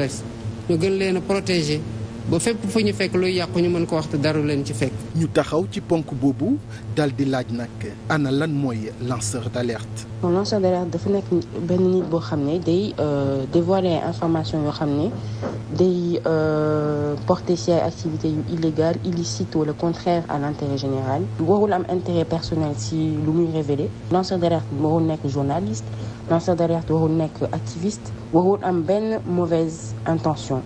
complexe ñu gën leen a protéger ba fépp fu ñu fekk luy yàqu ñu mën ko waxtu daru leen ci fekk. ñu taxaw ci ponk boobu dal di laaj nag ana lan mooy lanceur d'alerte. bon lanceur d'alerte dafa nekk benn nit boo xam ne day euh, dévoiler information yoo xam ne day euh, porter ci activité activités yu illégales illicites wala contraire à l'intérêt général. warul am intérêt personnel si lu muy révéler lanceur d'alerte warul nekk journaliste lanceur d'alerte warul nekk activiste warul am benn mauvaise intention.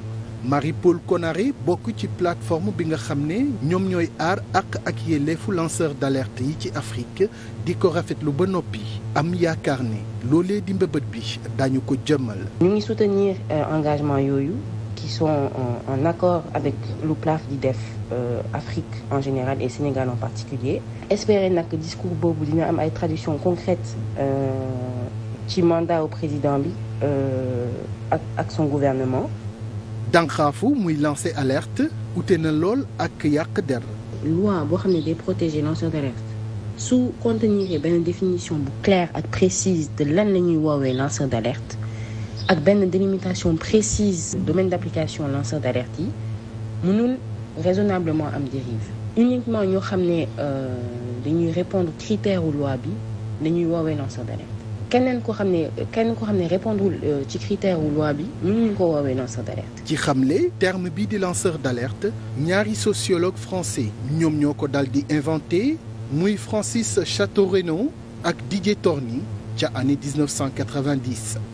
Marie-Paul Konaré bokk ci plateforme bi nga xam ne ñoom ñooy aar àq ak yelleefu lanceur d'alerte yi ci Afrique di ko rafetlu ba noppi am yaakaar ne loolee di mbëbët bi dañu ko jëmmal. ñu ngi soutenir euh, engagement yooyu qui sont en accord avec lu PLAF di def Afrique en général et Sénégal en particulier espérer nag discours boobu dina am ay traductions concrètes euh, ci mandat au président bi euh, ak ak son gouvernement. dànqaafu muy lancé alerte ute na lool ak yàq der loi boo xam ne day protéger lanceur d'alerte su contenir benn définition bu claire ak précise de lan la ñuy woowee lanceur d'alerte ak benn délimitation précise domaine d'application lanceur d'alerte yi mënul raisonnablement am dérive uniquement ñoo xam ne euh, dañuy répondre critère u loi bi dañuy woowee lanceur d'alerte keneen ko xam ne kenn ko xam ne répondre euh, ci critère wu loi bi mënuñu ko woowee lanceur d' alerte. ci xamle terme bi di lanceur d' alerte ñaari sociologue français ñoom ñoo ko daal di inventé muy Francis Chateaurenaud ak Didier Torny ca année 1990.